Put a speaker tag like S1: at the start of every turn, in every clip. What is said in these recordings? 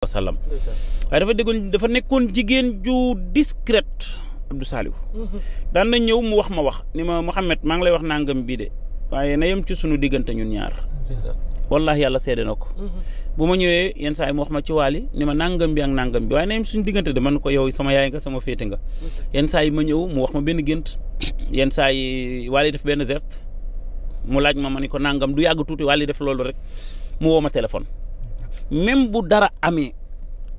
S1: wasallam waaye dafa déggoon dafa nekkoon jigéen ju discrète Abdou Saliou daan na ñëw mu wax ma wax ni ma Mouhamed maa ngi lay wax nangam bii de waaye na yem ci suñu diggante ñun ñaar wallahi yàlla seede na ko mhm. bu ma ñëwee yenn saa yi mu wax ma ci waali ni ma nangam bi ak nangam bi waaye na suñu diggante de man ko yow sama yaay nga sama féete nga yenn saa yi ma ñëw mu wax ma benn gént yenn saa yi waali def benn geste mu laaj ma ma ni ko nangam du yàgg tuuti waali def loolu rek mu ma téléphone même bu dara amee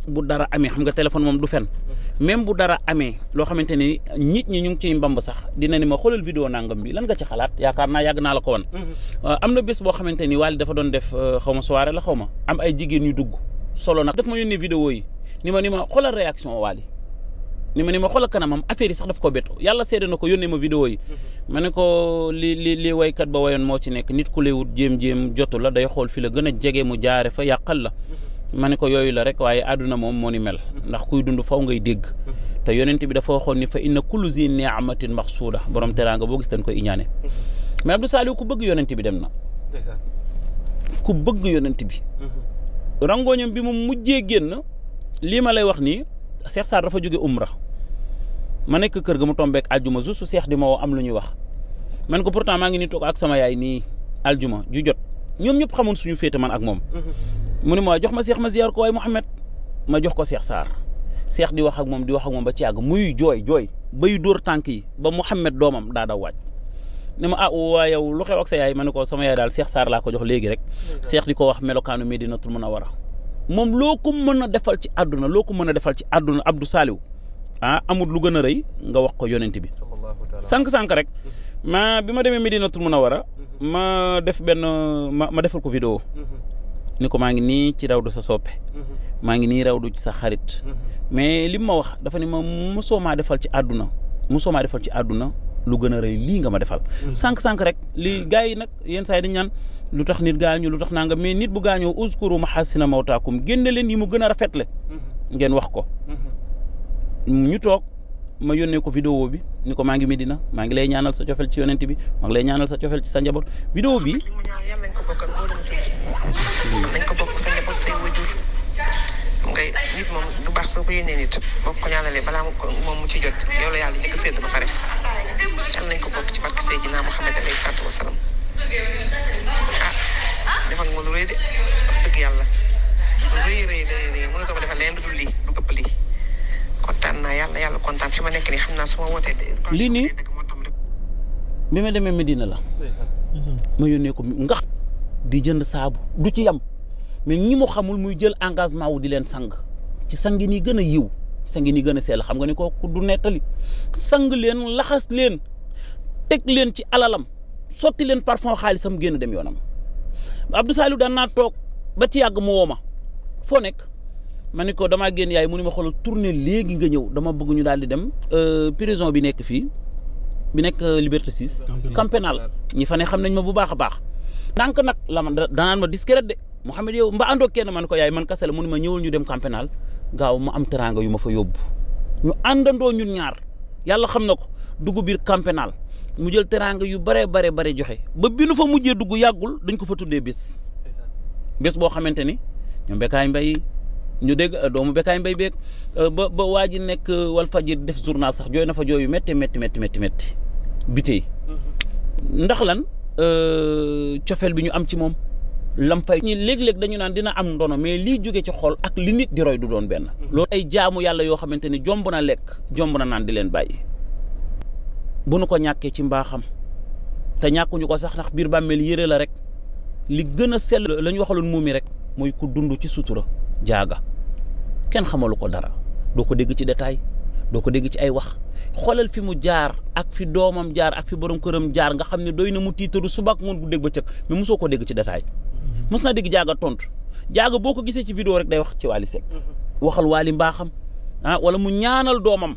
S1: bu dara amee xam nga téléphone moom du fen mm-hmm. même bu dara amee loo xamante ni nit ñi ñu ngi ciy mbamb sax dina ni ma xoolal vidéo nangam bi lan nga ci xalaat yaakaar naa yàgg naa la ko woon. Mm-hmm. am na bés boo xamante ni Wally dafa doon def euh, xaw ma soirée la xaw ma am ay jigéen yu dugg solo nag daf ma yónnee vidéo yi ni ma ni ma xoolal réaction Wally ni ma ni ma xoolal kanamam affaire yi sax daf ko bett yàlla seede na ko yónnee ma vidéo yi. Mm-hmm. ma ne ko li li li waykat ba wayoon moo ci nekk nit ku lay wut jéem-jéem jotu la day xool fi la gën a jege mu jaare fa yàqal la. Mm-hmm. ma ne ko yooyu la rek waaye àdduna moom moo ni mel. Mm-hmm. ndax kuy dund faw ngay dégg. te yonent bi dafa waxoon ni fa inna kullu zi ni'matin maxsuuda borom teraanga boo gis dañ koy iñaane. mais Abdou Saliou ku bëgg yonent bi dem na. ku bëgg yonent bi. rangooñam bi mu mujjee génn lii ma lay wax nii. Cheikh Sarr dafa jóge umra ma nekk kër ga mu tombeek aljuma juste Cheikh di moo am lu ñuy wax man ko pourtant maa ngi ni toog ak sama yaay nii aljuma ju jot ñoom ñëpp xamoon suñu féete man ak moom mm-hmm. mu ne ma jox ma seex ma ziar ko waaye Mouhamed ma jox ko seex Sarr Cheikh di wax ak moom di wax ak moom ba ci yàgg muy jooy jooy bay dóor tànk yi ba Mouhamed doomam daa daw ne ma ah waa yow lu xew ak sa yaay ma ne ko sama yaay daal Cheikh Sarr laa ko jox léegi rek Cheikh di ko wax melokaanu Medinatul Munawara moom loo ko mën a defal ci adduna loo ko mën a defal ci àdduna Abdou Saliou ah amul lu gën a rëy nga wax ko yonent bi sànq-sànq rek maa bi ma demee Medinatul Munawara mhm. ma def benn ma ma defal ko vidéo mhm. ni ko maa ngi nii ci raw rawdu sa soppe mhm. maa ngi nii rawdu ci sa xarit mais li ma wax dafa ne ma mosoo maa defal ci àdduna mosoo maa defal ci adduna lu gën a rëy lii nga ma defal sànq-sànq rek li gars yi nag yenn saa yi dañ naan lu tax nit gaañu lu tax nangam mais nit bu gaañoo uskuru mahasina mawtaakum génne leen yi mu gën a rafetle mm-hmm. ngeen wax ko mm-hmm. ñu toog ma yónnee ko vidéo bi ni ko maa ngi Medina maa ngi lay ñaanal sa cofel ci yonent bi maa ngi lay ñaanal sa cofel ci sa njaboot vidéo bi nañ ko bokk sa ko yéenee nit boo ko mu ci jot yow la a sédd defal mo lu rëy de wax dëgg yàlla lu rëy rëy rëy rëy mënu ko defal leen lu dul lii lu ëpp lii kontaan naa yàlla yàlla kontaan fi ma nekk nii xam naa su ma wootee lii la ma iya, yónnee ko nga di jënd saabu du ci yam mais ñi mu xamul muy jël engagement wu di leen sang ci sangi nii gën a yiw sangi nii gën a xam nga ni kooku du nettali sang leen laxas leen tek leen ci alalam sotti leen parfum xaalisam génn dem yoonam Abdou Saliou daan naa toog ba ci yàgg mu ma foo nekk ma ne ko damaa génn yaay mu ne ma xoolal tourné léegi nga ñëw dama bëgg ñu daal di dem euh, prison bi nekk fii bi nekk euh, Liberté 6. Camp pénal ñi fa ne xam nañ ma bu baax a baax. ndànk nag la ma danaan ma discret de Mouhamed yow mba àndoo kenn man ko yaay man kese la mu ne ma ñëwul ñu dem Camp gaaw ma am teraanga yu ma fa yóbbu ñu àndandoo ñun ñaar yàlla xam na ko dugg biir Camp mu jël teraanga yu bare bare bare joxe ba bi nu fa mujjee dugg yàggul dañ ko fa tuddee bés bés boo xamante ni ñoom Bécaye Mbaye ñu dégg euh, doomu Bécaye Mbaye beeg euh, ba ba waa ji nekk euh, Walfadjri def journal sax jooy na fa jooyu métti métti métti métti métti bitey mm-hmm. ndax lan cofeel bi ñu am ci moom lam fay ñi léeg-léeg dañu naan dina am ndono mais liy jóge ci xol ak li nit di roy du doon benn mm-hmm. loolu ay jaamu yàlla yoo xamante ni jomb na lekk jomb na naan di leen bàyyi bu nu ko ñàkkee ci mbaaxam te ñàkkuñu ko sax ndax biir bàmmeel yére la rek li gën a sell la ñu waxaloon muumi rek mooy ku dundu ci sutura jaaga kenn xamalu ko dara doo ko dégg ci détail doo ko dégg ci ay wax xoolal fi mu jaar ak fi doomam jaar ak fi borom këram jaar nga xam ne doy na mu tiitaru suba ak ngoon gu dégg ba cëg mais mosoo ko dégg ci détail mos na dégg jaaga tontu jaaga boo ko gisee ci vidéo rek day wax ci Wally Seck mm-hmm. waxal waali mbaaxam ah wala mu ñaanal doomam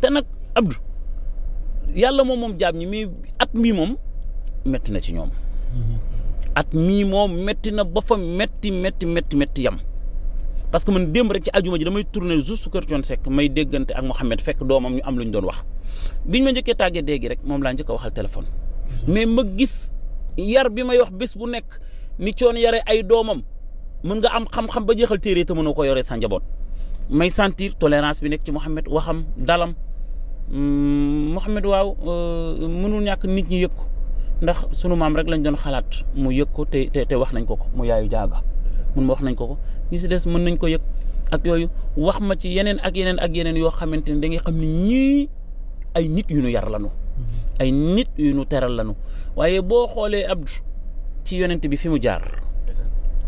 S1: te nag Abdou yàlla moom moom jaam ñi mais at mii moom metti na ci ñoom at mii moom metti na ba fa metti metti metti metti yam parce que man démb rek ci aljuma ji damay tourner juste kër Thione Seck may déggante ak Mouhamed fekk doomam ñu am lu ñu doon wax biñ ma njëkkee tàggee déegi rek moom laa njëkk a waxal téléphone mais ma gis yar bi may wax bés bu nekk ni Thione yare ay doomam mën nga am xam-xam ba jeexal téere te mënoo ko yore sanjaboot may sentir tolérance bi nekk ci Mouhamed waxam dalam Mouhamed waaw euh, mënul ñàkk nit ñi yëg ko ndax sunu maam rek lañ doon xalaat mu yëg ko te te wax nañ ko ko mu yaayu jaaga. mun ma wax nañ ko ko ñu si des mën nañ ko yëg ak yooyu wax ma ci yeneen ak yeneen ak yeneen yoo xamante ne da xam ne ñii ay nit yu nu yar lanu mhm. ay nit yu nu teral lanu waaye boo xoolee Abdou ci yonent bi fi mu jaar.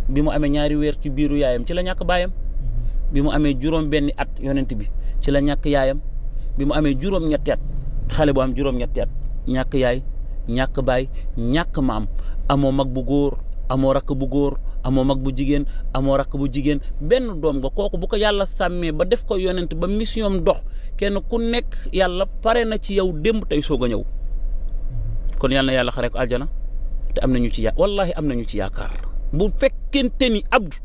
S1: bi mu amee ñaari weer ci biiru yaayam ci la ñàkk baayam. Mhm. bi mu amee juróom benni at yonent bi ci la ñàkk yaayam. bi mu amee juróom-ñetti xale bu am juróom-ñetti ñàkk yaay ñàkk baay ñàkk maam amoo mag bu góor amoo rakk bu góor amoo mag bu jigéen amoo rakk bu jigéen benn doom nga kooku bu ko yàlla sàmmee ba def ko yonent ba mission dox kenn ku nekk yàlla pare na ci yow démb tey soog a ñëw kon yàlla yàlla xare ko aljana te am nañu ci ya wallahi am nañu ci yaakaar bu fekkente ni abdu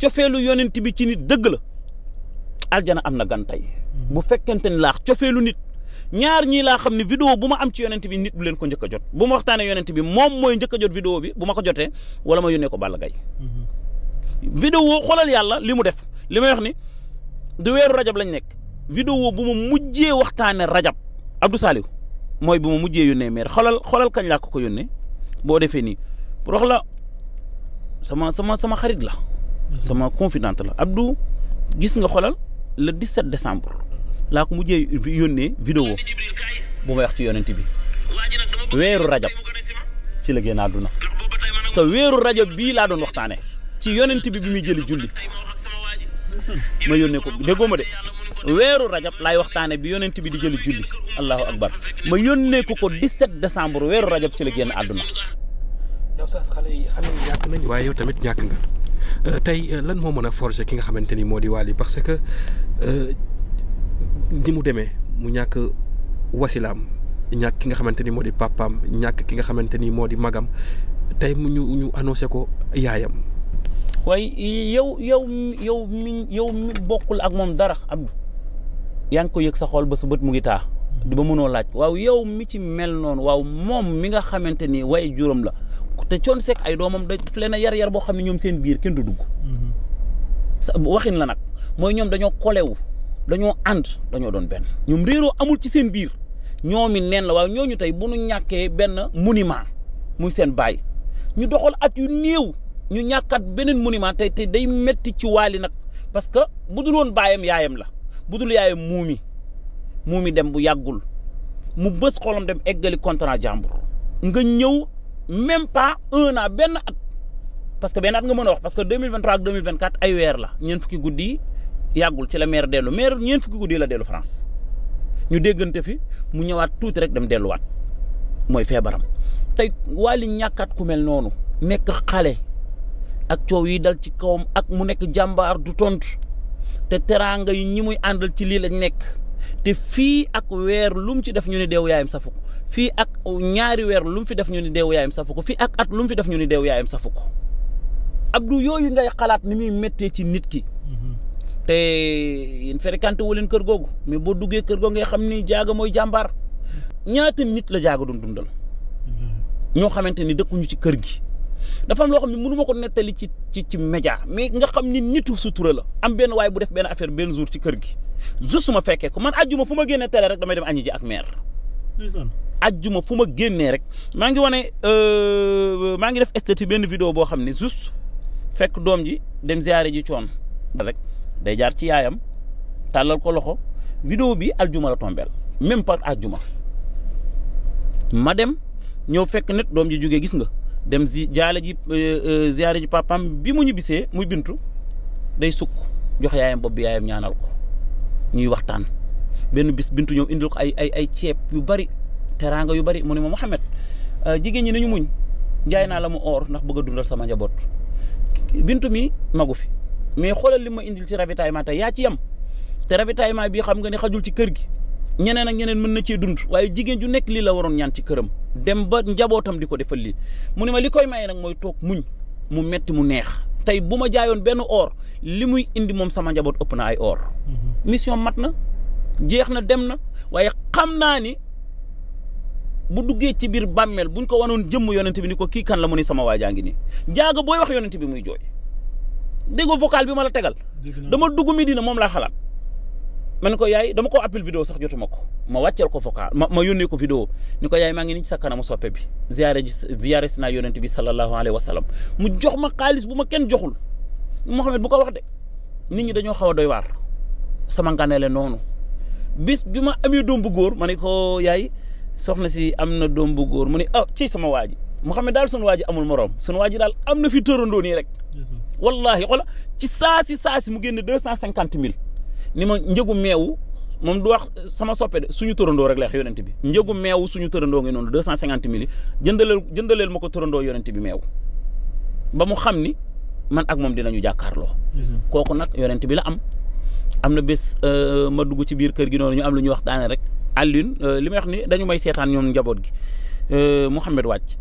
S1: cofeelu yonent bi ci nit dëgg la aljana am na gan tey bu fekkente ni laax cofeelu nit ñaar ñii laa xam ne vidéo bu ma am ci yonent bi nit bu leen ko njëkk jot bu ma waxtaanee yonent bi moom mooy njëkk a jot vidéo bi bu ma ko jotee wala ma yónnee ko Balla Gaye vidéo xoolal yàlla li mu def li may wax ni du weeru rajab lañ nekk vidéo bu ma mujjee waxtaane rajab Abdou Saliou mooy bu ma mujjee yónnee meer xoolal xoolal kañ laa ko ko yónnee boo defee nii pour wax la sama sama sama xarit la sama confidente la Abdou gis nga xoolal le 17 décembre laa ko mujjee yónnee vidéo bu may wax ci yonent bi weeru rajab ci la génn àdduna te weeru rajab bii laa doon waxtaane ci yonent bi bi muy jëli julli ma yónnee ko déggoo ma de weeru rajab laay waxtaane bi yonent bi di jëli julli allahu akbar ma yónnee ko ko 17 décembre weeru rajab ci la génn àdduna yow sax xale yi xale yi ñàkk nañ waaye yow tamit ñàkk nga euh, tey euh, lan moo mën a forger ki nga xamante ni moo di Wally parce que euh, ni mu demee mu ñàkk wasilaam ñàkk ki nga xamante ni moo di papaam ñàkk ki nga xamante ni moo di magam tey mu ñu ñu annoncé ko yaayam. waaye yow yow yow mi yow mi ak moom dara Abdou yaa ngi ko sa xol ba sa bët mu ngi taa. di mënoo laaj waaw yow mi ci mel noonu waaw moom mi nga xamante ni waaye juróom la te coon sekk ay doomam da leen yar yar boo xam ne ñoom seen biir kenn du dugg. Mm-hmm. waxin la nag mooy ñoom dañoo kolewu dañu and dañu doon Ben. ñoom réeroo amul ci seen biir ñoomi neen la waaw ñoñu tay bu nu ñàkkee benn monument muy seen bay ñu doxal at yu neew ñu ñakkat benen monument tay tay day metti ci wali nak parce que budul won bayam yaayam la budul yaayam mumi mumi dem bu yagul mu bës xolam dem eggali contrat jambour nga ñew même pas un an ben at parce que ben at nga mëna wax parce que 2023 ak 2024 ay wër la ñen fukki guddii yàggul ci la maire dellu maire ñeent fukki guddi la dellu France ñu déggante fi mu ñëwaat tuuti rek dem delluwaat mooy feebaram tey Wally ñàkkaat ku mel noonu nekk xale ak coow yi dal ci kawam ak mu nekk jàmbaar du tontu te teraanga yi ñi muy àndal ci lii lañ nekk te fii ak weer lu ci def ñu ne deew yaayam safu ko fii ak ñaari weer lu fi def ñu ni deew yaayam safu ko fii ak at lu mu fi def ñu ni deew yaayam safu ko Abdou yooyu ngay xalaat ni muy méttee ci nit ki te yéen fréquenté wu leen kër googu mais boo duggee kër googu ngay xam ni jaaga mooy jàmbaar ñaata nit la jaaga doon dundal ñoo xamante ni dëkkuñu ci kër gi dafa am loo xam ne mënu ma ko nettali ci ci ci média mais nga xam ni nitu sutura am benn waay bu def benn affaire benn jour ci kër gi juste ma fekkee ko man ajjuma fu ma génnee tere rek damay dem añi ji ak meer ajjuma fu ma génnee rek maa ngi wane euh, maa ngi def esthétique benn vidéo boo xam ne juste fekk doom ji dem ziare ji coon day jaar ci yaayam tàllal ko loxo vidéo bi aljuma la tombeel même pas aljuma ma dem ñëw fekk nit doom ji jóge gis nga dem zi jaale ji euh, euh, ziyaare ji papam bi mu ñu bisee muy bintu day sukk jox yaayam bopp yaayam ñaanal ko ñuy waxtaan benn bis bint ñëw indil ko ay ay ceeb yu bari teraanga yu bari mu ne ma Mouhamed euh, jigéen ñi nañu muñ jaay naa la mu or ndax bëgg a dundal sama njaboot bint mi magu fi mais xoolal li ma indil ci rabitaay ma tey yaa ci yem te ravitaillement bi xam nga ne xajul ci kër gi ñeneen ak ñeneen mën na cee dund waaye jigéen ju nekk lii la waroon ñaan ci këram dem ba njabootam di ko defal lii mu ne ma li koy maye nag mooy toog muñ mu metti mu neex tey bu ma jaayoon benn or li muy indi moom sama njaboot ëpp na ay or. Mhm. mission mat na jeex na dem na waaye xam naa ni bu duggee ci biir bàmmeel buñ ko wanoon jëm yonent bi ni ko kii kan la mu ne sama waajaa ngi nii jaaga booy wax yonent bi muy jooy. déggoo vocal bi ma la tegal. dama dugg Medina moom laa xalaat. man ko yaay dama ko appel vidéo sax jotuma ko ma wàcceel ko vocal ma ma yónnee ko vidéo ni ko yaay maa ngi ni ci sa kanamu soppe bi ziyaare ziyaare si naa yonent bi sallallahu alayhi wa sallam mu jox ma kaalis bu ma kenn joxul Mouhamed bu ko wax de nit ñi dañoo xaw a doy waar sama nganeele noonu bis bi ma amee doom bu góor ma ne ko yaay soxna si am na doom bu góor mu ne ah ci sama waa ji Mouhamed daal sunu waa ji amul morom waa ji daal am na fi tërandoo nii rek wallahi xola ci saasi saasi mu génne deux cent cinquante mille ni ma njëgu meew moom du wax sama soppe de suñu tërandoo rek la wax yonent bi njëgu meewu suñu tërandoo ngi noonu deux cent cinquante mille yi jëndaleel jëndaleel ma ko tërandoo yonent bi meew ba mu xam ni man ak moom dinañu jàkkaarloo kooku nag yonent bi la am am na bés euh, ma dugg ci biir kër gi noonu ñu am lu ñuy waxtaane rek Alioune euh, li may ni dañu may seetaan ñoom njaboot gi euh, Mouhamed wàcc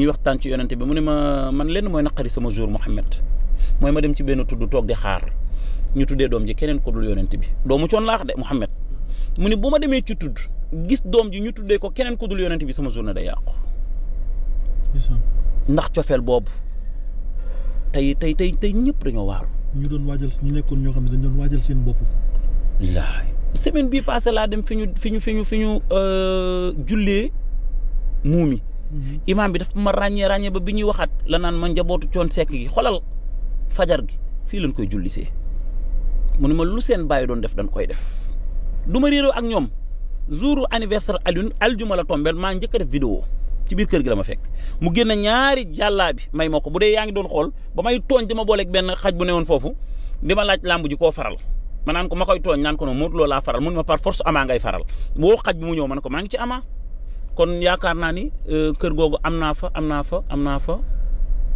S1: ñuy waxtaan ci yonente bi mu ne ma man lenn mooy naqari sama jour mohammed mooy ma dem ci benn tudd toog di xaar ñu tuddee doom ji keneen ko dul yonente bi doomu coon laax de mohammed mu ne bu ma demee ci tudd gis doom ji ñu tuddee ko keneen ko dul yonente bi sama jour journée day yàqu ndax cofeel boobu tey tey tey tey ñëpp dañoo waaru ñu doon waajal ñu nekkoon ñoo xam ne dañ doon waajal seen bopp laay semaine bii passé laa dem fi ñu fi ñu fi ñu fi ñu jullee muumi Mm-hmm. imaam bi daf ma ràññee ràññee ba bi ñuy waxaat la naan ma njabootu coon sekk gi xolal fajar gi fii lañ koy jullisee mu ne ma lu seen bàyyi doon def dañ koy def du ma réeroo ak ñoom jour anniversaire Alioune aljuma la tombeel maa njëkk a def vidéo ci biir kër gi la ma fekk mu génn ñaari jàllaa bi may ma ko bu dee yaa ngi doon xool ba may tooñ di ma booleeg benn xaj bu ne woon foofu di ma laaj làmb ji koo faral ma naan ko ma koy tooñ naan ko noonu Modou Lo laa ngay faral boo xaj ñëw ma ne ko maa ngi ci amaa. kon yaakaar naa ni euh, kër googu am naa fa am naa fa am naa fa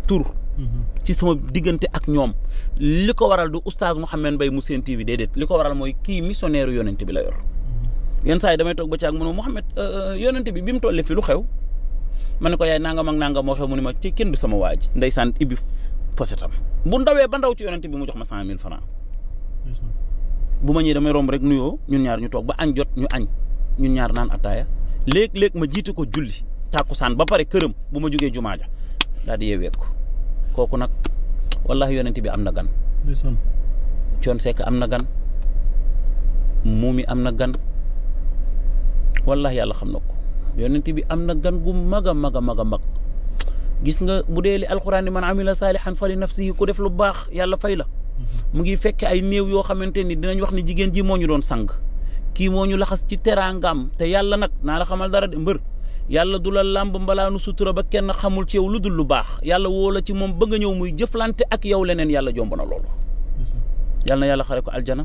S1: tur. Mhm. ci sama diggante ak ñoom. li ko waral du oustaz Mouhamed Mbaye mu seen TV déedéet li ko waral mooy kii missionnaire yonent bi la yor. Mhm. yenn saa yi damay toog ba ci ak mu ne Mouhamed euh, euh, yonent bi bi mu tollee fi lu xew. ma ne ko yaay nangam ak nangam moo xew mu ne ma ci kenn du sama waa ji. ndeysaan ibbi posetam bu ndawee ba ndaw ci yonent bi mu jox ma cent mille francs bu ma ñëwee damay romb rek nuyoo ñun ñaar ñu toog ba añ jot ñu añ ñun ñaar naan ataaya. lek-lek ma jitu ko julli takusan ba pare këram bu ma jógee jumaa ja di yeewee ko koku nak wallahi yonenti bi amna gan coon cion am amna gan mumi amna gan wallahi yalla xamna ko yonenti bi amna gan gu mag maga maga mag gis nga bu li alquran man amila salihan fali nafsihi ku def lu bax yalla fayla mhm. mu ngi fekk ay néew yo xamanteni dinañ wax ni jigen ji moñu don sang kii moo ñu laxas ci teraangam te yàlla nag naa la xamal dara de mbër yàlla du la làmb mbalaanu sutura ba kenn xamul ci yow lu dul lu baax yàlla woo la ci moom ba nga ñëw muy jëflante ak yow leneen yàlla jomb na loolu. yàlla na yàlla xare ko aljana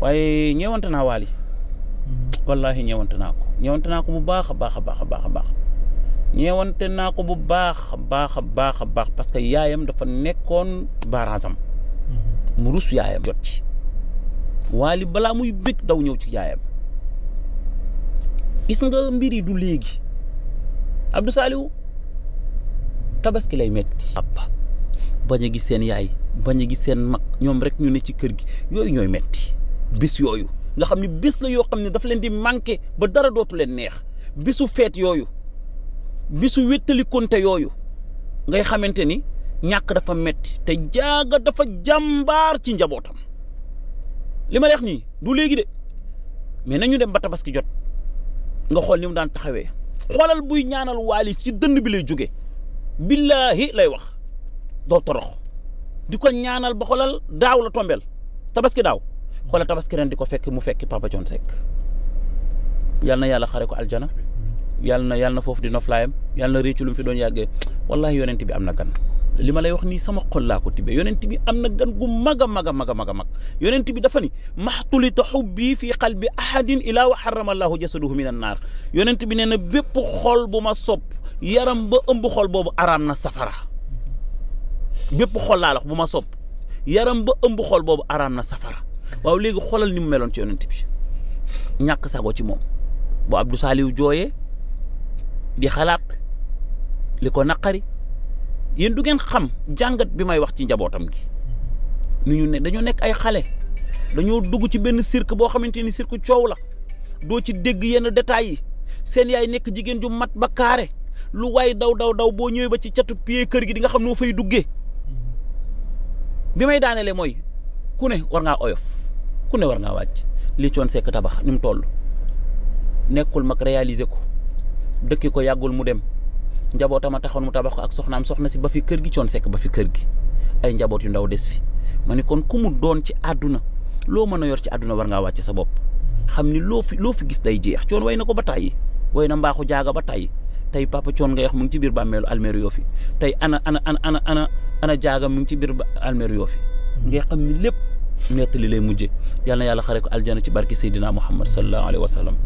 S1: waaye ñeewante naa waali wallaahi ñeewante naa ko ñeewante naa ko bu baax a baax a baax a baax a baax ñeewante naa ko bu baax baax baax a baax parce que yaayam dafa nekkoon baaraasam mu rus yaayam jot ci. waali balamu muy bég daw ñew ci yaayam gis nga mbiri du legi Abdou saliw tabaski lay metti papa baña gi seen yaay baña gi seen mak ñom rek ñu ne ci kër gi yoy ñoy metti bis yoyu nga xamni bis la yo xamni leen di manké ba dara dootu leen neex bisu feet yoyu bisu wéttali konté yoyu ngay xamanteni ni dafa metti te jaaga dafa jambar ci njabotam li ma leex nii du léegi de mais ñu dem ba tabaski jot nga xool ni mu daan taxawee xoolal buy ñaanal waali ci dënd bi lay jóge billaahi lay wax doo torox di ko ñaanal ba xoolal daaw la tombeel tabaski daaw xoolal tabaski ren di ko fekk mu fekk Papa John Seck yal na yàlla xare ko aljana yal na yal na foofu di noflaayam yal na réccu lu mu fi doon yàggee wallahi yonent bi am na gan li ma lay wax nii sama xol laa ko tibbee yonent bi am na gan gu mag a mag a mag a mag a mag yonent bi dafa ni maxtulita xubbi fii qalbi ahadin ilaa wa xarama allahu jasaduhu min an naar yonent bi nee na bépp xol bu ma sopp yaram ba ëmb xol boobu araam na safara bépp xol laa la wax bu ma sopp yaram ba ëmb xol boobu araam na safara waaw léegi xolal ni mu meloon ci yonent bi ñàkk sago ci moom bu Abdou Saliou jooyee di xalaat li ko naqari yéen du ngeen xam jàngat bi may wax ci njabootam gi nu ñu ne dañoo nekk ay xale dañoo dugg ci benn cirque boo xamante ni cirque coow la doo ci dégg yenn détails yi seen yaay nekk jigéen ju mat ba kaare lu waay daw daw daw boo ñëwee ba ci catu pied kër gi di nga xam noo fay duggee bi may daanelee mooy ku ne war ngaa oyof ku ne war ngaa wàcc li coon sekk tabax ni mu toll nekkul mag réaliser ko dëkki ko yàggul mu dem njabootam a taxoon mu tabax ko ak soxnaam soxna si ba fi kër gi coon sekk ba fi kër gi ay njaboot yu ndaw des fi ma ne kon ku mu doon ci àdduna loo mën a yor ci àdduna war ngaa wàcc sa bopp xam ni loo fi loo fi gis day jeex coon way na ko ba tàyyi way na mbaaxu jaaga ba tàyyi tey papa coon ngay wax mu ngi ci biir bàmmeelu almeeru yoo fi tey ana ana ana ana ana jaaga mu ngi ci biir almeeru yoo fi ngay xam ni lépp nettali lay mujje yàlla na yàlla xare ko aljana ci barke Seydina Muhammad sallallahu alayhi wa sallam